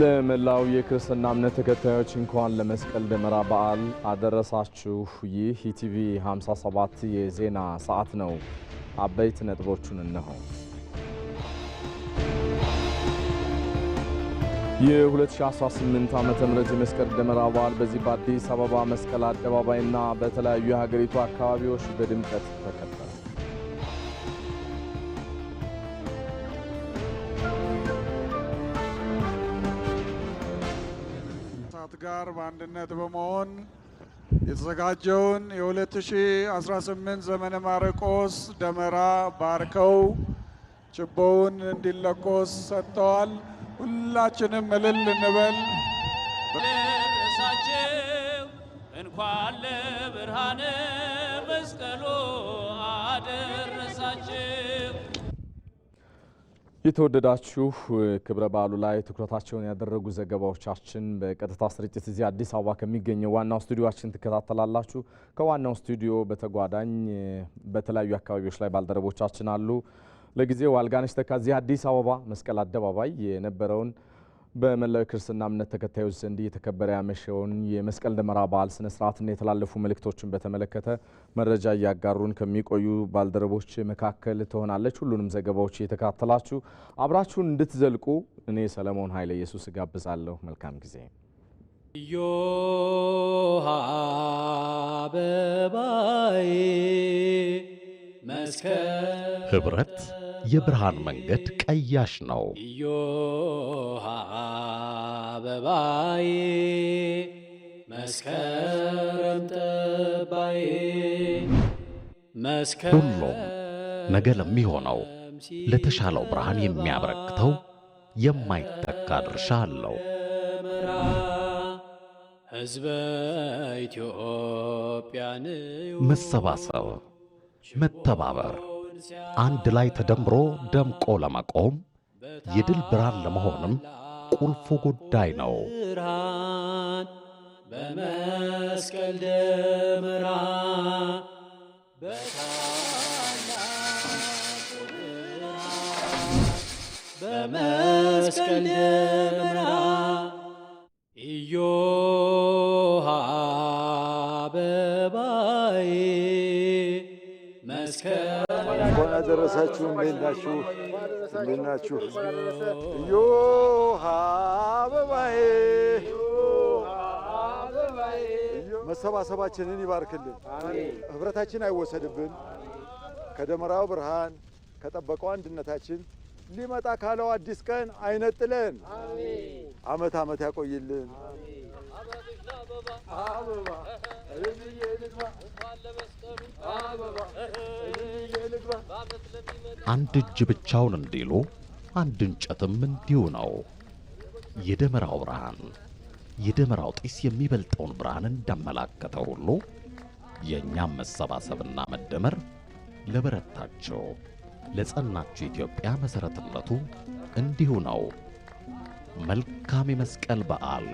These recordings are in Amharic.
ለመላው የክርስትና እምነት ተከታዮች እንኳን ለመስቀል ደመራ በዓል አደረሳችሁ። ይህ ኢቲቪ 57 የዜና ሰዓት ነው። አበይት ነጥቦቹን እነሆ። የ2018 ዓ ም የመስቀል ደመራ በዓል በዚህ በአዲስ አበባ መስቀል አደባባይና በተለያዩ የሀገሪቱ አካባቢዎች በድምቀት ተከበረ። ጋር በአንድነት በመሆን የተዘጋጀውን የ2018 ዘመነ ማርቆስ ደመራ ባርከው ችቦውን እንዲለኮስ ሰጥተዋል። ሁላችንም እልል እንበል። እንኳን ለብርሃነ የተወደዳችሁ ክብረ በዓሉ ላይ ትኩረታቸውን ያደረጉ ዘገባዎቻችን በቀጥታ ስርጭት እዚህ አዲስ አበባ ከሚገኘው ዋናው ስቱዲዮችን ትከታተላላችሁ። ከዋናው ስቱዲዮ በተጓዳኝ በተለያዩ አካባቢዎች ላይ ባልደረቦቻችን አሉ። ለጊዜው አልጋነሽ ተካ እዚህ አዲስ አበባ መስቀል አደባባይ የነበረውን በመላው ክርስትና እምነት ተከታዮች ዘንድ እየተከበረ ያመሸውን የመስቀል ደመራ በዓል ስነ ስርዓትና የተላለፉ መልእክቶችን በተመለከተ መረጃ እያጋሩን ከሚቆዩ ባልደረቦች መካከል ትሆናለች። ሁሉንም ዘገባዎች እየተከታተላችሁ አብራችሁን እንድትዘልቁ እኔ ሰለሞን ኃይለ ኢየሱስ እጋብዛለሁ። መልካም ጊዜ። ዮሃ አበባዬ ህብረት የብርሃን መንገድ ቀያሽ ነው። እዮሃ አበባዬ መስከረም ጠባዬ ሁሉም ነገ ለሚሆነው ለተሻለው ብርሃን የሚያበረክተው የማይተካ ድርሻ አለው። ሕዝበ ኢትዮጵያን መሰባሰብ፣ መተባበር አንድ ላይ ተደምሮ ደምቆ ለመቆም የድል ብርሃን ለመሆንም ቁልፉ ጉዳይ ነው። በመስቀል ደመራ በመስቀል አደረሳችሁ። እንዴት ናችሁ? እንዴት ናችሁ? እዮሃ አበባዬ መሰባሰባችንን ይባርክልን፣ ህብረታችን አይወሰድብን። ከደመራው ብርሃን ከጠበቀው አንድነታችን ሊመጣ ካለው አዲስ ቀን አይነጥለን። አመት አመት ያቆይልን። አንድ እጅ ብቻውን እንዲሉ አንድ እንጨትም እንዲሁ ነው። የደመራው ብርሃን የደመራው ጢስ የሚበልጠውን ብርሃን እንዳመላከተው ሁሉ የእኛም መሰባሰብና መደመር ለበረታቸው ለጸናቸው ኢትዮጵያ መሠረትነቱ እንዲሁ ነው። መልካም የመስቀል በዓል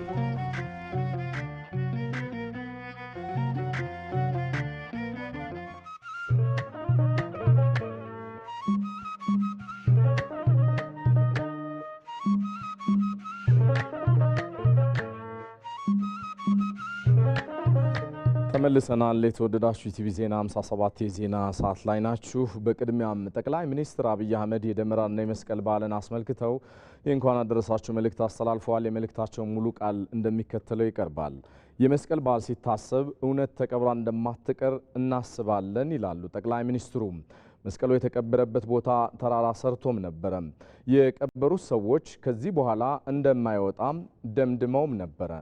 ተመልሰናል። የተወደዳችሁ ኢቲቪ ዜና 57 የዜና ሰዓት ላይ ናችሁ። በቅድሚያም ጠቅላይ ሚኒስትር አብይ አህመድ የደመራና የመስቀል በዓልን አስመልክተው የእንኳን አደረሳችሁ መልእክት አስተላልፈዋል። የመልእክታቸው ሙሉ ቃል እንደሚከተለው ይቀርባል። የመስቀል በዓል ሲታሰብ እውነት ተቀብራ እንደማትቀር እናስባለን ይላሉ ጠቅላይ ሚኒስትሩ። መስቀሉ የተቀበረበት ቦታ ተራራ ሰርቶም ነበረ። የቀበሩት ሰዎች ከዚህ በኋላ እንደማይወጣም ደምድመውም ነበረ።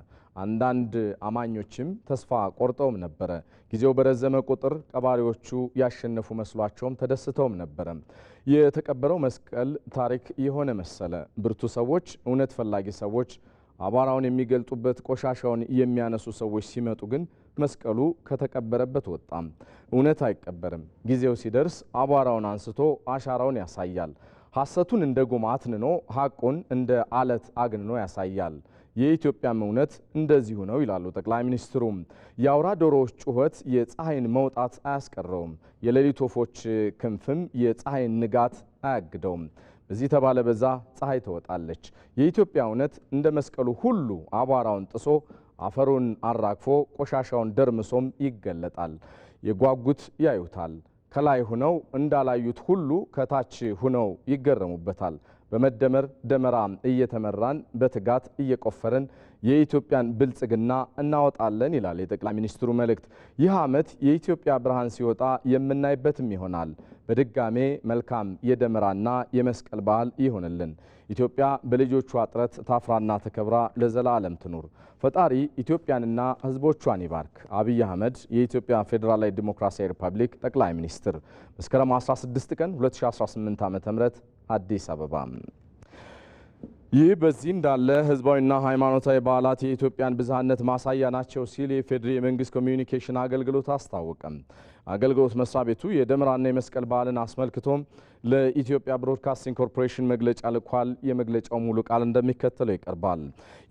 አንዳንድ አማኞችም ተስፋ ቆርጠውም ነበረ። ጊዜው በረዘመ ቁጥር ቀባሪዎቹ ያሸነፉ መስሏቸውም ተደስተውም ነበረ። የተቀበረው መስቀል ታሪክ የሆነ መሰለ። ብርቱ ሰዎች፣ እውነት ፈላጊ ሰዎች፣ አቧራውን የሚገልጡበት ቆሻሻውን የሚያነሱ ሰዎች ሲመጡ ግን መስቀሉ ከተቀበረበት ወጣም። እውነት አይቀበርም። ጊዜው ሲደርስ አቧራውን አንስቶ አሻራውን ያሳያል። ሐሰቱን እንደ ጉማ አትንኖ ሐቁን እንደ አለት አግንኖ ያሳያል። የኢትዮጵያም እውነት እንደዚሁ ነው ይላሉ ጠቅላይ ሚኒስትሩ የአውራ ዶሮዎች ጩኸት የፀሐይን መውጣት አያስቀረውም፣ የሌሊት ወፎች ክንፍም የፀሐይን ንጋት አያግደውም። በዚህ ተባለ በዛ ፀሐይ ትወጣለች። የኢትዮጵያ እውነት እንደ መስቀሉ ሁሉ አቧራውን ጥሶ አፈሩን አራግፎ ቆሻሻውን ደርምሶም ይገለጣል። የጓጉት ያዩታል፣ ከላይ ሁነው እንዳላዩት ሁሉ ከታች ሁነው ይገረሙበታል። በመደመር ደመራ እየተመራን በትጋት እየቆፈርን የኢትዮጵያን ብልጽግና እናወጣለን ይላል የጠቅላይ ሚኒስትሩ መልእክት። ይህ ዓመት የኢትዮጵያ ብርሃን ሲወጣ የምናይበትም ይሆናል። በድጋሜ መልካም የደመራና የመስቀል በዓል ይሆንልን። ኢትዮጵያ በልጆቿ ጥረት ታፍራና ተከብራ ለዘላለም ትኑር። ፈጣሪ ኢትዮጵያንና ሕዝቦቿን ይባርክ። አብይ አህመድ የኢትዮጵያ ፌዴራላዊ ዲሞክራሲያዊ ሪፐብሊክ ጠቅላይ ሚኒስትር መስከረም 16 ቀን 2018 .ም። አዲስ አበባ። ይህ በዚህ እንዳለ ህዝባዊና ሃይማኖታዊ በዓላት የኢትዮጵያን ብዝሃነት ማሳያ ናቸው ሲል የፌዴሪ የመንግስት ኮሚዩኒኬሽን አገልግሎት አስታወቀም። አገልግሎት መስሪያ ቤቱ የደመራና የመስቀል በዓልን አስመልክቶ ለኢትዮጵያ ብሮድካስቲንግ ኮርፖሬሽን መግለጫ ልኳል። የመግለጫው ሙሉ ቃል እንደሚከተለው ይቀርባል።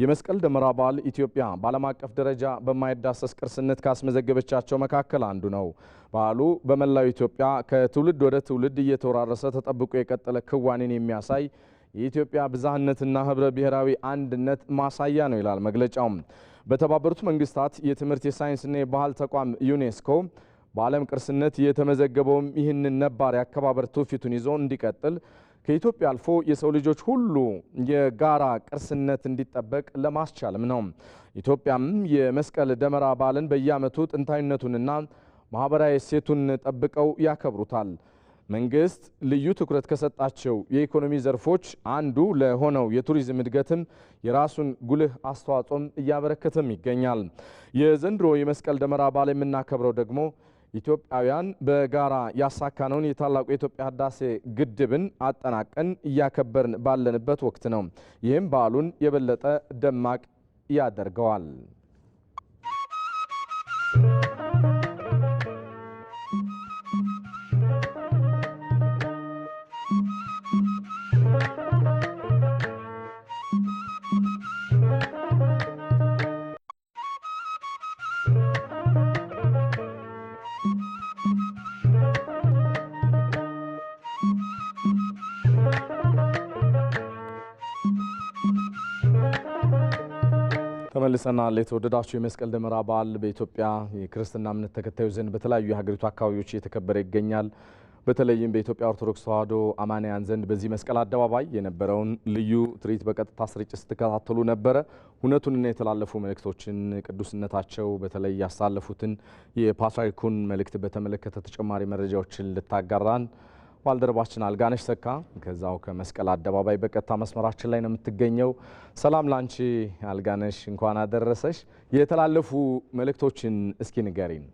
የመስቀል ደመራ በዓል ኢትዮጵያ በዓለም አቀፍ ደረጃ በማይዳሰስ ቅርስነት ካስመዘገበቻቸው መካከል አንዱ ነው። በዓሉ በመላው ኢትዮጵያ ከትውልድ ወደ ትውልድ እየተወራረሰ ተጠብቆ የቀጠለ ክዋኔን የሚያሳይ የኢትዮጵያ ብዝሃነትና ህብረ ብሔራዊ አንድነት ማሳያ ነው ይላል መግለጫውም። በተባበሩት መንግስታት የትምህርት የሳይንስና የባህል ተቋም ዩኔስኮ በዓለም ቅርስነት የተመዘገበውም ይህንን ነባር የአከባበር ትውፊቱን ይዞ እንዲቀጥል ከኢትዮጵያ አልፎ የሰው ልጆች ሁሉ የጋራ ቅርስነት እንዲጠበቅ ለማስቻልም ነው። ኢትዮጵያም የመስቀል ደመራ በዓልን በየዓመቱ ጥንታዊነቱንና ማህበራዊ እሴቱን ጠብቀው ያከብሩታል። መንግስት ልዩ ትኩረት ከሰጣቸው የኢኮኖሚ ዘርፎች አንዱ ለሆነው የቱሪዝም እድገትም የራሱን ጉልህ አስተዋጽኦም እያበረከተም ይገኛል። የዘንድሮ የመስቀል ደመራ በዓል የምናከብረው ደግሞ ኢትዮጵያውያን በጋራ ያሳካነውን የታላቁ የኢትዮጵያ ህዳሴ ግድብን አጠናቀን እያከበርን ባለንበት ወቅት ነው። ይህም በዓሉን የበለጠ ደማቅ ያደርገዋል። ተመልሰናል። የተወደዳችሁ የመስቀል ደመራ በዓል በኢትዮጵያ የክርስትና እምነት ተከታዮች ዘንድ በተለያዩ የሀገሪቱ አካባቢዎች እየተከበረ ይገኛል። በተለይም በኢትዮጵያ ኦርቶዶክስ ተዋሕዶ አማንያን ዘንድ በዚህ መስቀል አደባባይ የነበረውን ልዩ ትርኢት በቀጥታ ስርጭት ስትከታተሉ ነበረ። እውነቱንና የተላለፉ መልእክቶችን ቅዱስነታቸው በተለይ ያሳለፉትን የፓትርያርኩን መልእክት በተመለከተ ተጨማሪ መረጃዎችን ልታጋራን ባልደረባችን አልጋነሽ ተካ ከዛው ከመስቀል አደባባይ በቀጥታ መስመራችን ላይ ነው የምትገኘው። ሰላም ላንቺ አልጋነሽ፣ እንኳን አደረሰሽ። የተላለፉ መልእክቶችን እስኪ ንገሪን።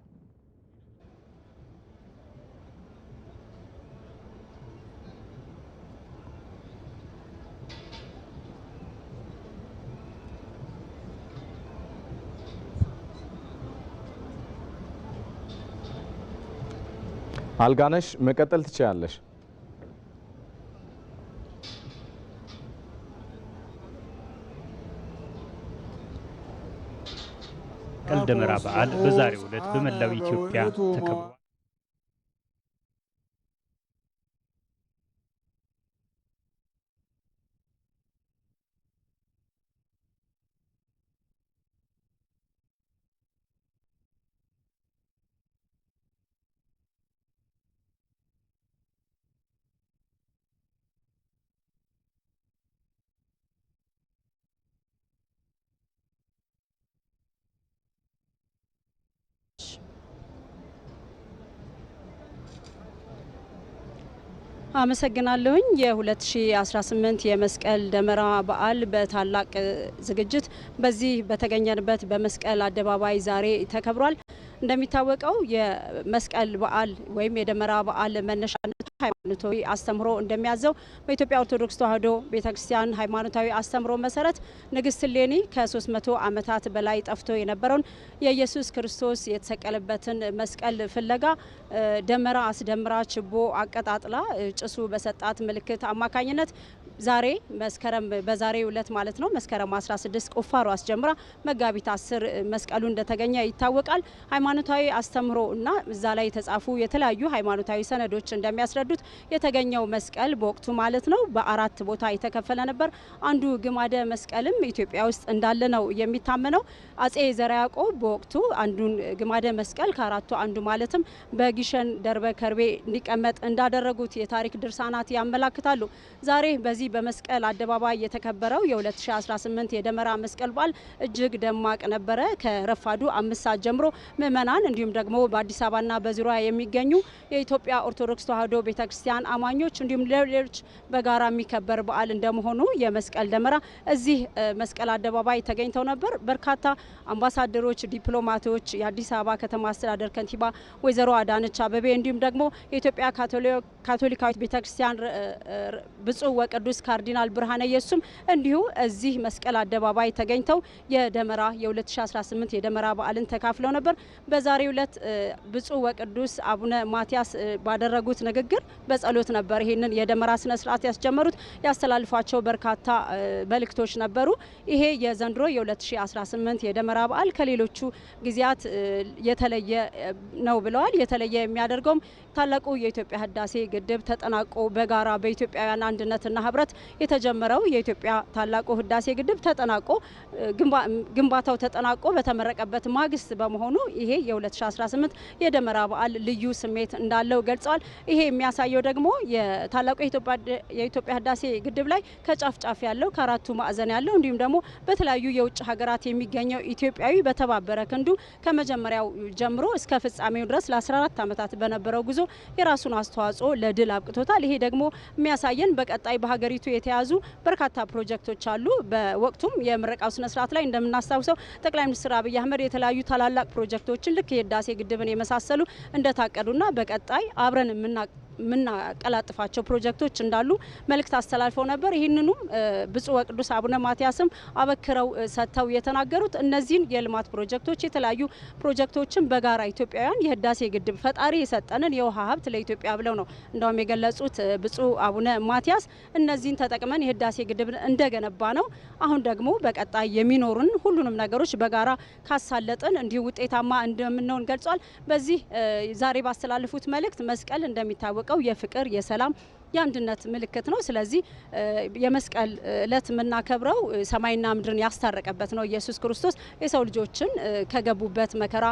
አልጋነሽ መቀጠል ትችላለሽ። ቀልደመራ በዓል በዛሬው ዕለት በመላው ኢትዮጵያ ተከብሯል። አመሰግናለሁኝ። የ2018 የመስቀል ደመራ በዓል በታላቅ ዝግጅት በዚህ በተገኘንበት በመስቀል አደባባይ ዛሬ ተከብሯል። እንደሚታወቀው የመስቀል በዓል ወይም የደመራ በዓል መነሻነቱ ሃይማኖታዊ አስተምሮ እንደሚያዘው በኢትዮጵያ ኦርቶዶክስ ተዋሕዶ ቤተክርስቲያን ሃይማኖታዊ አስተምሮ መሰረት ንግስት ሌኒ ከ300 ዓመታት በላይ ጠፍቶ የነበረውን የኢየሱስ ክርስቶስ የተሰቀለበትን መስቀል ፍለጋ ደመራ አስደምራ ችቦ አቀጣጥላ ጭሱ በሰጣት ምልክት አማካኝነት ዛሬ መስከረም በዛሬ ዕለት ማለት ነው መስከረም 16 ቁፋሮ አስጀምራ መጋቢት 10 መስቀሉ እንደተገኘ ይታወቃል። ሃይማኖታዊ አስተምሮ እና እዛ ላይ የተጻፉ የተለያዩ ሃይማኖታዊ ሰነዶች እንደሚያስረዱት የተገኘው መስቀል በወቅቱ ማለት ነው በአራት ቦታ የተከፈለ ነበር። አንዱ ግማደ መስቀልም ኢትዮጵያ ውስጥ እንዳለ ነው የሚታመነው። አጼ ዘርዓ ያዕቆብ በወቅቱ አንዱን ግማደ መስቀል ከአራቱ አንዱ ማለትም በጊሸን ደርበ ከርቤ እንዲቀመጥ እንዳደረጉት የታሪክ ድርሳናት ያመላክታሉ። ዛሬ በዚህ በመስቀል አደባባይ የተከበረው የ2018 የደመራ መስቀል በዓል እጅግ ደማቅ ነበረ። ከረፋዱ አምስት ሰዓት ጀምሮ ምዕመናን እንዲሁም ደግሞ በአዲስ አበባና በዙሪያ የሚገኙ የኢትዮጵያ ኦርቶዶክስ ተዋሕዶ ቤተ ክርስቲያን አማኞች እንዲሁም ሌሎች በጋራ የሚከበር በዓል እንደመሆኑ የመስቀል ደመራ እዚህ መስቀል አደባባይ ተገኝተው ነበር። በርካታ አምባሳደሮች፣ ዲፕሎማቶች፣ የአዲስ አበባ ከተማ አስተዳደር ከንቲባ ወይዘሮ አዳነች አበቤ እንዲሁም ደግሞ የኢትዮጵያ ካቶሊካዊት ቤተክርስቲያን ብፁዕ ወቅዱስ ቅዱስ ካርዲናል ብርሃነ ኢየሱስም እንዲሁ እዚህ መስቀል አደባባይ ተገኝተው የደመራ የ2018 የደመራ በዓልን ተካፍለው ነበር። በዛሬው ዕለት ብፁዕ ወቅዱስ አቡነ ማቲያስ ባደረጉት ንግግር በጸሎት ነበር ይህንን የደመራ ስነ ስርዓት ያስጀመሩት። ያስተላልፏቸው በርካታ መልእክቶች ነበሩ። ይሄ የዘንድሮ የ2018 የደመራ በዓል ከሌሎቹ ጊዜያት የተለየ ነው ብለዋል። የተለየ የሚያደርገውም ታላቁ የኢትዮጵያ ህዳሴ ግድብ ተጠናቆ በጋራ በኢትዮጵያውያን አንድነትና ህብረት ጥረት የተጀመረው የኢትዮጵያ ታላቁ ህዳሴ ግድብ ተጠናቆ ግንባታው ተጠናቆ በተመረቀበት ማግስት በመሆኑ ይሄ የ2018 የደመራ በዓል ልዩ ስሜት እንዳለው ገልጸዋል። ይሄ የሚያሳየው ደግሞ የታላቁ የኢትዮጵያ ህዳሴ ግድብ ላይ ከጫፍ ጫፍ ያለው ከአራቱ ማዕዘን ያለው እንዲሁም ደግሞ በተለያዩ የውጭ ሀገራት የሚገኘው ኢትዮጵያዊ በተባበረ ክንዱ ከመጀመሪያው ጀምሮ እስከ ፍጻሜው ድረስ ለ14 ዓመታት በነበረው ጉዞ የራሱን አስተዋጽኦ ለድል አብቅቶታል። ይሄ ደግሞ የሚያሳየን በቀጣይ በሀገር በሀገሪቱ የተያዙ በርካታ ፕሮጀክቶች አሉ። በወቅቱም የምረቃው ስነስርዓት ላይ እንደምናስታውሰው ጠቅላይ ሚኒስትር አብይ አህመድ የተለያዩ ታላላቅ ፕሮጀክቶችን ልክ የህዳሴ ግድብን የመሳሰሉ እንደታቀዱና በቀጣይ አብረን የምና የምናቀላጥፋቸው ፕሮጀክቶች እንዳሉ መልእክት አስተላልፈው ነበር። ይህንኑም ብፁዕ ወቅዱስ አቡነ ማትያስም አበክረው ሰጥተው የተናገሩት እነዚህን የልማት ፕሮጀክቶች የተለያዩ ፕሮጀክቶችን በጋራ ኢትዮጵያውያን የህዳሴ ግድብ ፈጣሪ የሰጠንን የውሃ ሀብት ለኢትዮጵያ ብለው ነው እንዳውም የገለጹት ብፁዕ አቡነ ማትያስ እነዚህን ተጠቅመን የህዳሴ ግድብን እንደገነባ ነው። አሁን ደግሞ በቀጣይ የሚኖሩን ሁሉንም ነገሮች በጋራ ካሳለጥን እንዲሁ ውጤታማ እንደምንሆን ገልጿል። በዚህ ዛሬ ባስተላለፉት መልእክት መስቀል እንደሚታወቅ እንደሚታወቀው የፍቅር፣ የሰላም የአንድነት ምልክት ነው። ስለዚህ የመስቀል እለት የምናከብረው ሰማይና ምድርን ያስታረቀበት ነው። ኢየሱስ ክርስቶስ የሰው ልጆችን ከገቡበት መከራ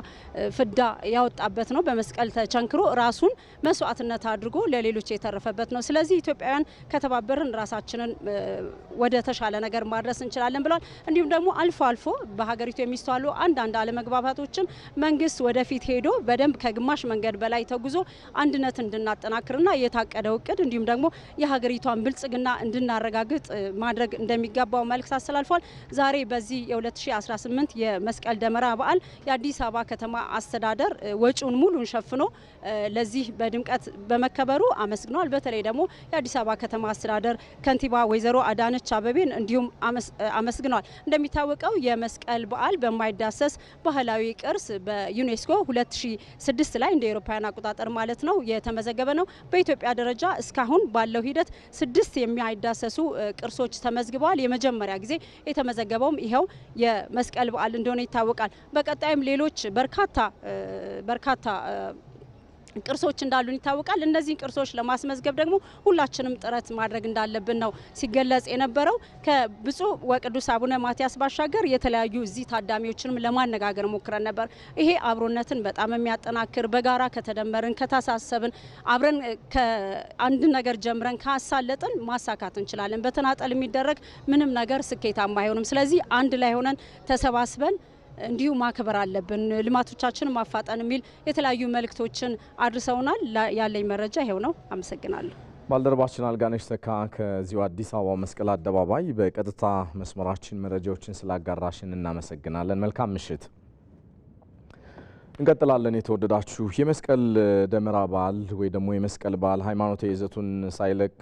ፍዳ ያወጣበት ነው። በመስቀል ተቸንክሮ ራሱን መስዋዕትነት አድርጎ ለሌሎች የተረፈበት ነው። ስለዚህ ኢትዮጵያውያን ከተባበርን ራሳችንን ወደ ተሻለ ነገር ማድረስ እንችላለን ብሏል። እንዲሁም ደግሞ አልፎ አልፎ በሀገሪቱ የሚስተዋሉ አንዳንድ አለመግባባቶችን መንግስት ወደፊት ሄዶ በደንብ ከግማሽ መንገድ በላይ ተጉዞ አንድነት እንድናጠናክርና የታቀደው እቅድ እንዲሁም ደግሞ የሀገሪቷን ብልጽግና እንድናረጋግጥ ማድረግ እንደሚገባው መልእክት አስተላልፏል። ዛሬ በዚህ የ2018 የመስቀል ደመራ በዓል የአዲስ አበባ ከተማ አስተዳደር ወጪውን ሙሉን ሸፍኖ ለዚህ በድምቀት በመከበሩ አመስግነዋል። በተለይ ደግሞ የአዲስ አበባ ከተማ አስተዳደር ከንቲባ ወይዘሮ አዳነች አበቤን እንዲሁም አመስግነዋል። እንደሚታወቀው የመስቀል በዓል በማይዳሰስ ባህላዊ ቅርስ በዩኔስኮ 2006 ላይ እንደ ኤሮፓውያን አቆጣጠር ማለት ነው የተመዘገበ ነው። በኢትዮጵያ ደረጃ እስካሁን እስካሁን ባለው ሂደት ስድስት የሚያዳሰሱ ቅርሶች ተመዝግበዋል። የመጀመሪያ ጊዜ የተመዘገበውም ይኸው የመስቀል በዓል እንደሆነ ይታወቃል። በቀጣይም ሌሎች በርካታ በርካታ ቅርሶች እንዳሉን ይታወቃል። እነዚህን ቅርሶች ለማስመዝገብ ደግሞ ሁላችንም ጥረት ማድረግ እንዳለብን ነው ሲገለጽ የነበረው። ከብፁዕ ወቅዱስ አቡነ ማትያስ ባሻገር የተለያዩ እዚህ ታዳሚዎችንም ለማነጋገር ሞክረን ነበር። ይሄ አብሮነትን በጣም የሚያጠናክር በጋራ ከተደመርን፣ ከታሳሰብን፣ አብረን ከአንድ ነገር ጀምረን ካሳለጥን ማሳካት እንችላለን። በተናጠል የሚደረግ ምንም ነገር ስኬታማ አይሆንም። ስለዚህ አንድ ላይ ሆነን ተሰባስበን እንዲሁ ማክበር አለብን፣ ልማቶቻችን ማፋጠን የሚል የተለያዩ መልእክቶችን አድርሰውናል። ያለኝ መረጃ ይሄው ነው። አመሰግናለሁ። ባልደረባችን አልጋነሽ ተካ ከዚሁ አዲስ አበባ መስቀል አደባባይ በቀጥታ መስመራችን መረጃዎችን ስላጋራሽን እናመሰግናለን። መልካም ምሽት። እንቀጥላለን። የተወደዳችሁ የመስቀል ደመራ በዓል ወይ ደግሞ የመስቀል በዓል ሃይማኖታዊ ይዘቱን ሳይለቅ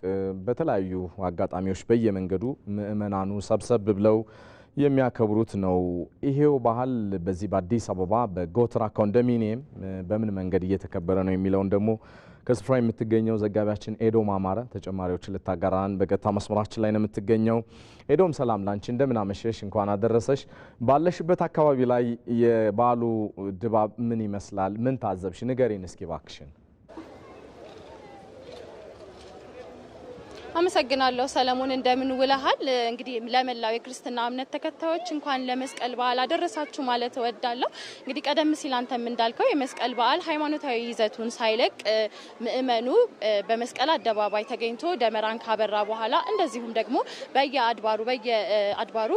በተለያዩ አጋጣሚዎች በየመንገዱ ምእመናኑ ሰብሰብ ብለው የሚያከብሩት ነው። ይሄው ባህል በዚህ በአዲስ አበባ በጎተራ ኮንዶሚኒየም በምን መንገድ እየተከበረ ነው የሚለውን ደግሞ ከስፍራ የምትገኘው ዘጋቢያችን ኤዶም አማረ ተጨማሪዎችን ልታጋራን በቀጥታ መስመራችን ላይ ነው የምትገኘው። ኤዶም ሰላም ላንቺ፣ እንደምን አመሸሽ፣ እንኳን አደረሰሽ። ባለሽበት አካባቢ ላይ የበዓሉ ድባብ ምን ይመስላል? ምን ታዘብሽ? ንገሪን እስኪ ባክሽን። አመሰግናለሁ ሰለሞን፣ እንደምን ውለሃል? እንግዲህ ለመላው የክርስትና እምነት ተከታዮች እንኳን ለመስቀል በዓል አደረሳችሁ ማለት እወዳለሁ። እንግዲህ ቀደም ሲል አንተም እንዳልከው የመስቀል በዓል ሃይማኖታዊ ይዘቱን ሳይለቅ ምእመኑ በመስቀል አደባባይ ተገኝቶ ደመራን ካበራ በኋላ እንደዚሁም ደግሞ በየአድባሩ በየአድባሩ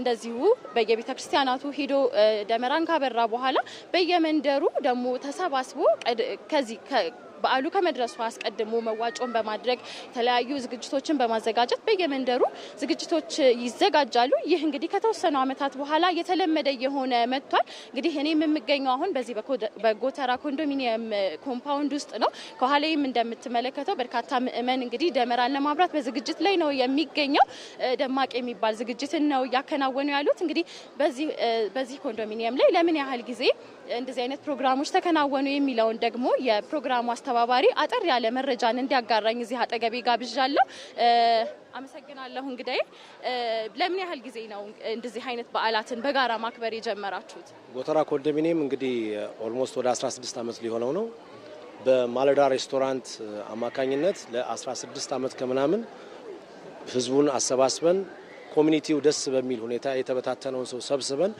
እንደዚሁ በየቤተ ክርስቲያናቱ ሂዶ ደመራን ካበራ በኋላ በየመንደሩ ደግሞ ተሰባስቦ ከዚህ በዓሉ ከመድረሱ አስቀድሞ መዋጮን በማድረግ የተለያዩ ዝግጅቶችን በማዘጋጀት በየመንደሩ ዝግጅቶች ይዘጋጃሉ። ይህ እንግዲህ ከተወሰኑ ዓመታት በኋላ የተለመደ የሆነ መጥቷል። እንግዲህ እኔም የምገኘው አሁን በዚህ በጎተራ ኮንዶሚኒየም ኮምፓውንድ ውስጥ ነው። ከኋላይም እንደምትመለከተው በርካታ ምዕመን እንግዲህ ደመራን ለማብራት በዝግጅት ላይ ነው የሚገኘው። ደማቅ የሚባል ዝግጅትን ነው እያከናወኑ ያሉት። እንግዲህ በዚህ ኮንዶሚኒየም ላይ ለምን ያህል ጊዜ እንደዚህ አይነት ፕሮግራሞች ተከናወኑ የሚለውን ደግሞ የፕሮግራሙ አስተባባሪ አጠር ያለ መረጃን እንዲያጋራኝ እዚህ አጠገቤ ጋብዣለሁ። አመሰግናለሁ። እንግዲህ ለምን ያህል ጊዜ ነው እንደዚህ አይነት በዓላትን በጋራ ማክበር የጀመራችሁት? ጎተራ ኮንዶሚኒየም እንግዲህ ኦልሞስት ወደ 16 ዓመት ሊሆነው ነው። በማለዳ ሬስቶራንት አማካኝነት ለ16 ዓመት ከምናምን ህዝቡን አሰባስበን ኮሚኒቲው ደስ በሚል ሁኔታ የተበታተነውን ሰው ሰብስበን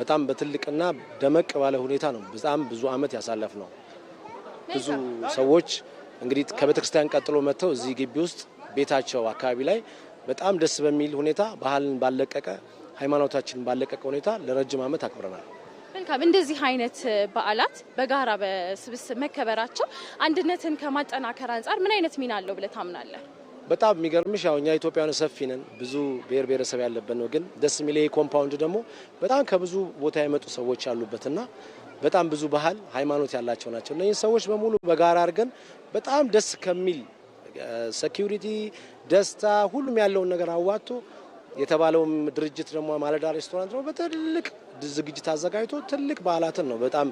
በጣም በትልቅና ደመቅ ባለ ሁኔታ ነው። በጣም ብዙ አመት ያሳለፍ ነው። ብዙ ሰዎች እንግዲህ ከቤተክርስቲያን ቀጥሎ መጥተው እዚህ ግቢ ውስጥ ቤታቸው አካባቢ ላይ በጣም ደስ በሚል ሁኔታ ባህልን ባለቀቀ ሃይማኖታችንን ባለቀቀ ሁኔታ ለረጅም አመት አክብረናል። መልካም። እንደዚህ አይነት በዓላት በጋራ በስብስብ መከበራቸው አንድነትን ከማጠናከር አንጻር ምን አይነት ሚና አለው ብለህ ታምናለህ? በጣም የሚገርምሽ ያው እኛ ኢትዮጵያ ሰፊ ነን፣ ብዙ ብሔር ብሔረሰብ ያለበት ነው። ግን ደስ የሚል ኮምፓውንድ ደግሞ በጣም ከብዙ ቦታ የመጡ ሰዎች ያሉበትና በጣም ብዙ ባህል፣ ሃይማኖት ያላቸው ናቸው። እነዚህ ሰዎች በሙሉ በጋራ አድርገን በጣም ደስ ከሚል ሴኪሪቲ፣ ደስታ፣ ሁሉም ያለውን ነገር አዋጥቶ የተባለውም ድርጅት ደግሞ ማለዳ ሬስቶራንት ነው በትልቅ ዝግጅት አዘጋጅቶ ትልቅ በዓላትን ነው በጣም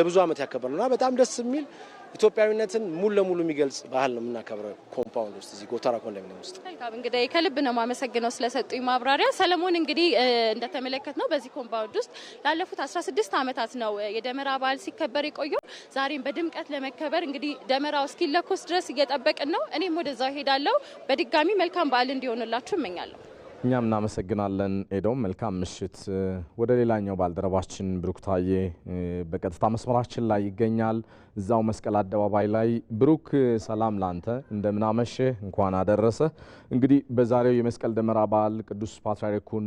ለብዙ ዓመት ያከበር ነውና በጣም ደስ የሚል ኢትዮጵያዊነትን ሙሉ ለሙሉ የሚገልጽ ባህል ነው የምናከብረው ኮምፓውንድ ውስጥ እዚህ ጎተራ ኮንዶሚኒየም ውስጥ። እንግዲህ ከልብ ነው የማመሰግነው ስለሰጡኝ ማብራሪያ። ሰለሞን እንግዲህ እንደተመለከት ነው በዚህ ኮምፓውንድ ውስጥ ላለፉት 16 ዓመታት ነው የደመራ በዓል ሲከበር የቆየው። ዛሬም በድምቀት ለመከበር እንግዲህ ደመራው እስኪለኮስ ድረስ እየጠበቅን ነው። እኔም ወደዛው ሄዳለሁ። በድጋሚ መልካም በዓል እንዲሆንላችሁ እመኛለሁ። እኛም እናመሰግናለን ኤዶም፣ መልካም ምሽት። ወደ ሌላኛው ባልደረባችን ብሩክ ታዬ በቀጥታ መስመራችን ላይ ይገኛል፣ እዛው መስቀል አደባባይ ላይ። ብሩክ ሰላም ላንተ፣ እንደምናመሽህ እንኳን አደረሰ። እንግዲህ በዛሬው የመስቀል ደመራ በዓል ቅዱስ ፓትርያርኩን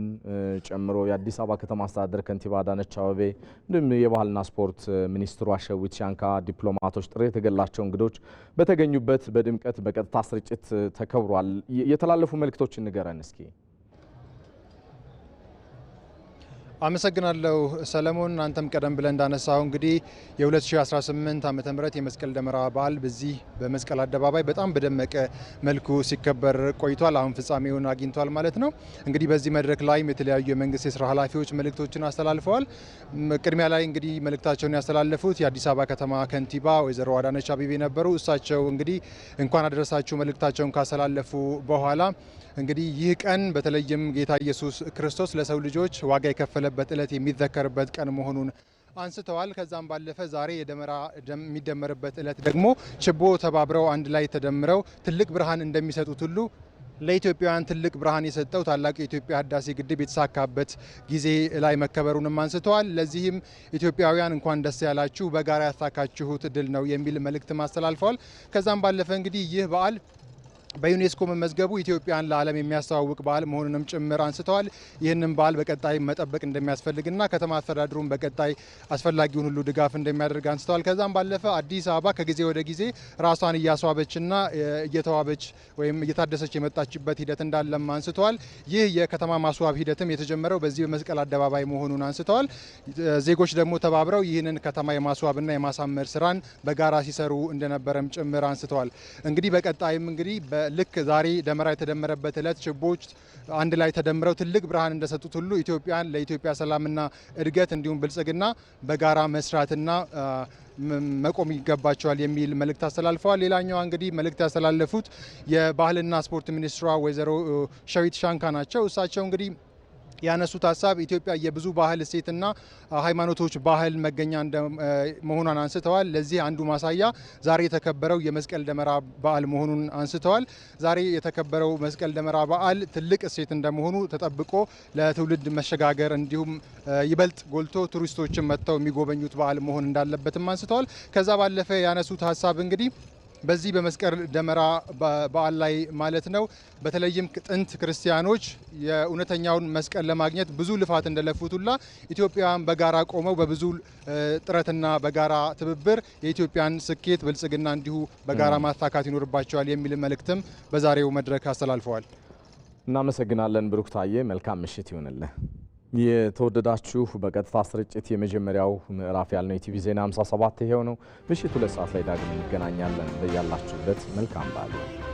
ጨምሮ የአዲስ አበባ ከተማ አስተዳደር ከንቲባ አዳነች አበቤ እንዲሁም የባህልና ስፖርት ሚኒስትሩ አሸዊት ሻንካ፣ ዲፕሎማቶች፣ ጥሪ የተገላቸው እንግዶች በተገኙበት በድምቀት በቀጥታ ስርጭት ተከብሯል። የተላለፉ መልእክቶችን ንገረን እስኪ። አመሰግናለሁ ሰለሞን። አንተም ቀደም ብለን እንዳነሳው እንግዲህ የ2018 ዓመተ ምህረት የመስቀል ደመራ በዓል በዚህ በመስቀል አደባባይ በጣም በደመቀ መልኩ ሲከበር ቆይቷል። አሁን ፍጻሜውን አግኝቷል ማለት ነው። እንግዲህ በዚህ መድረክ ላይም የተለያዩ የመንግስት የስራ ኃላፊዎች መልእክቶችን አስተላልፈዋል። ቅድሚያ ላይ እንግዲህ መልእክታቸውን ያስተላለፉት የአዲስ አበባ ከተማ ከንቲባ ወይዘሮ አዳነች አቤቤ ነበሩ። እሳቸው እንግዲህ እንኳን አደረሳችሁ መልእክታቸውን ካስተላለፉ በኋላ እንግዲህ ይህ ቀን በተለይም ጌታ ኢየሱስ ክርስቶስ ለሰው ልጆች ዋጋ የከፈለ የተወለደበት የሚዘከርበት ቀን መሆኑን አንስተዋል። ከዛም ባለፈ ዛሬ የደመራ የሚደመርበት እለት ደግሞ ችቦ ተባብረው አንድ ላይ ተደምረው ትልቅ ብርሃን እንደሚሰጡት ሁሉ ለኢትዮጵያውያን ትልቅ ብርሃን የሰጠው ታላቁ የኢትዮጵያ ህዳሴ ግድብ የተሳካበት ጊዜ ላይ መከበሩንም አንስተዋል። ለዚህም ኢትዮጵያውያን እንኳን ደስ ያላችሁ፣ በጋራ ያሳካችሁት ድል ነው የሚል መልእክትም አስተላልፈዋል። ከዛም ባለፈ እንግዲህ ይህ በዓል በዩኔስኮ መመዝገቡ ኢትዮጵያን ለዓለም የሚያስተዋውቅ በዓል መሆኑንም ጭምር አንስተዋል። ይህንም በዓል በቀጣይ መጠበቅ እንደሚያስፈልግና ከተማ አስተዳድሩን በቀጣይ አስፈላጊውን ሁሉ ድጋፍ እንደሚያደርግ አንስተዋል። ከዛም ባለፈ አዲስ አበባ ከጊዜ ወደ ጊዜ ራሷን እያስዋበችና እየተዋበች ወይም እየታደሰች የመጣችበት ሂደት እንዳለም አንስተዋል። ይህ የከተማ ማስዋብ ሂደትም የተጀመረው በዚህ በመስቀል አደባባይ መሆኑን አንስተዋል። ዜጎች ደግሞ ተባብረው ይህንን ከተማ የማስዋብና የማሳመር ስራን በጋራ ሲሰሩ እንደነበረም ጭምር አንስተዋል። እንግዲህ በቀጣይም እንግዲህ ልክ ዛሬ ደመራ የተደመረበት ዕለት ችቦች አንድ ላይ ተደምረው ትልቅ ብርሃን እንደሰጡት ሁሉ ኢትዮጵያን ለኢትዮጵያ ሰላምና እድገት እንዲሁም ብልጽግና በጋራ መስራትና መቆም ይገባቸዋል የሚል መልእክት አስተላልፈዋል። ሌላኛዋ እንግዲህ መልእክት ያስተላለፉት የባህልና ስፖርት ሚኒስትሯ ወይዘሮ ሸዊት ሻንካ ናቸው። እሳቸው እንግዲህ ያነሱት ሀሳብ ኢትዮጵያ የብዙ ባህል እሴትና ሃይማኖቶች ባህል መገኛ መሆኗን አንስተዋል። ለዚህ አንዱ ማሳያ ዛሬ የተከበረው የመስቀል ደመራ በዓል መሆኑን አንስተዋል። ዛሬ የተከበረው መስቀል ደመራ በዓል ትልቅ እሴት እንደመሆኑ ተጠብቆ ለትውልድ መሸጋገር እንዲሁም ይበልጥ ጎልቶ ቱሪስቶችን መጥተው የሚጎበኙት በዓል መሆን እንዳለበትም አንስተዋል። ከዛ ባለፈ ያነሱት ሀሳብ እንግዲህ በዚህ በመስቀል ደመራ በዓል ላይ ማለት ነው። በተለይም ጥንት ክርስቲያኖች የእውነተኛውን መስቀል ለማግኘት ብዙ ልፋት እንደለፉት ኢትዮጵያን በጋራ ቆመው በብዙ ጥረትና በጋራ ትብብር የኢትዮጵያን ስኬት ብልጽግና እንዲሁ በጋራ ማሳካት ይኖርባቸዋል የሚል መልእክትም በዛሬው መድረክ አስተላልፈዋል። እናመሰግናለን ብሩክታዬ፣ መልካም ምሽት ይሆንልህ። የተወደዳችሁ በቀጥታ ስርጭት የመጀመሪያው ምዕራፍ ያልነው የቲቪ ዜና 57 ይሄው ነው። ምሽት ሁለት ሰዓት ላይ ዳግም እንገናኛለን። በያላችሁበት መልካም በዓል